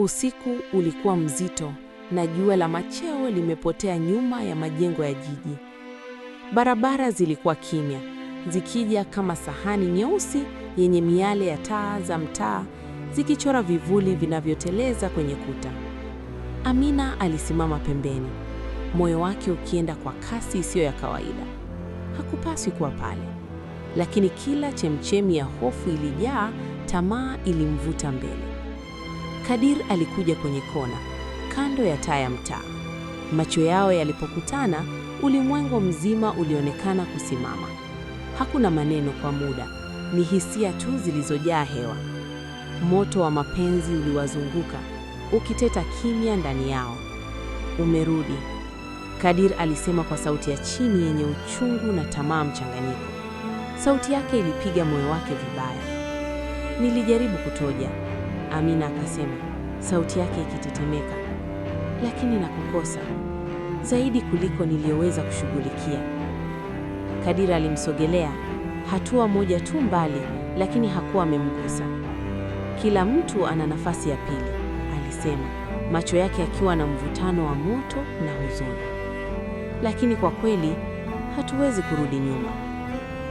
Usiku ulikuwa mzito na jua la macheo limepotea nyuma ya majengo ya jiji. Barabara zilikuwa kimya, zikija kama sahani nyeusi yenye miale ya taa za mtaa, zikichora vivuli vinavyoteleza kwenye kuta. Amina alisimama pembeni, moyo wake ukienda kwa kasi isiyo ya kawaida. Hakupaswi kuwa pale, lakini kila chemchemi ya hofu ilijaa, tamaa ilimvuta mbele. Kadir alikuja kwenye kona kando ya taa ya mtaa. Macho yao yalipokutana, ulimwengu mzima ulionekana kusimama. Hakuna maneno kwa muda, ni hisia tu zilizojaa hewa. Moto wa mapenzi uliwazunguka ukiteta kimya ndani yao. Umerudi, Kadir alisema kwa sauti ya chini yenye uchungu na tamaa mchanganyiko. Sauti yake ilipiga moyo wake vibaya. Nilijaribu kutoja Amina akasema, sauti yake ikitetemeka, lakini nakukosa zaidi kuliko niliyoweza kushughulikia. Kadira alimsogelea hatua moja tu mbali, lakini hakuwa amemgusa. Kila mtu ana nafasi ya pili, alisema, macho yake akiwa na mvutano wa moto na huzuni. Lakini kwa kweli hatuwezi kurudi nyuma.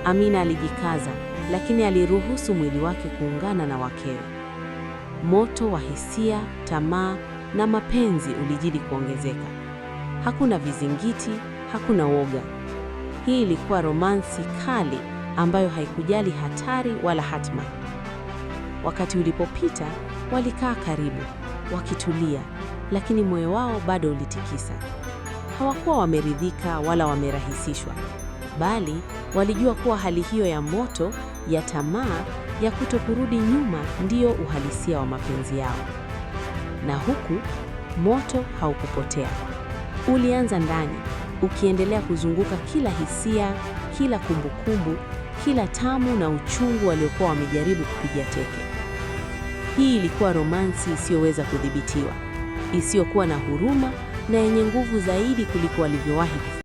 Amina alijikaza, lakini aliruhusu mwili wake kuungana na wakewe. Moto wa hisia, tamaa na mapenzi ulijidi kuongezeka. Hakuna vizingiti, hakuna woga. Hii ilikuwa romansi kali ambayo haikujali hatari wala hatma. Wakati ulipopita, walikaa karibu wakitulia, lakini moyo wao bado ulitikisa. Hawakuwa wameridhika wala wamerahisishwa, bali walijua kuwa hali hiyo ya moto, ya tamaa ya kuto kurudi nyuma ndiyo uhalisia wa mapenzi yao. Na huku moto haukupotea, ulianza ndani, ukiendelea kuzunguka kila hisia, kila kumbukumbu, kila tamu na uchungu waliokuwa wamejaribu kupiga teke. Hii ilikuwa romansi isiyoweza kudhibitiwa, isiyokuwa na huruma na yenye nguvu zaidi kuliko walivyowahi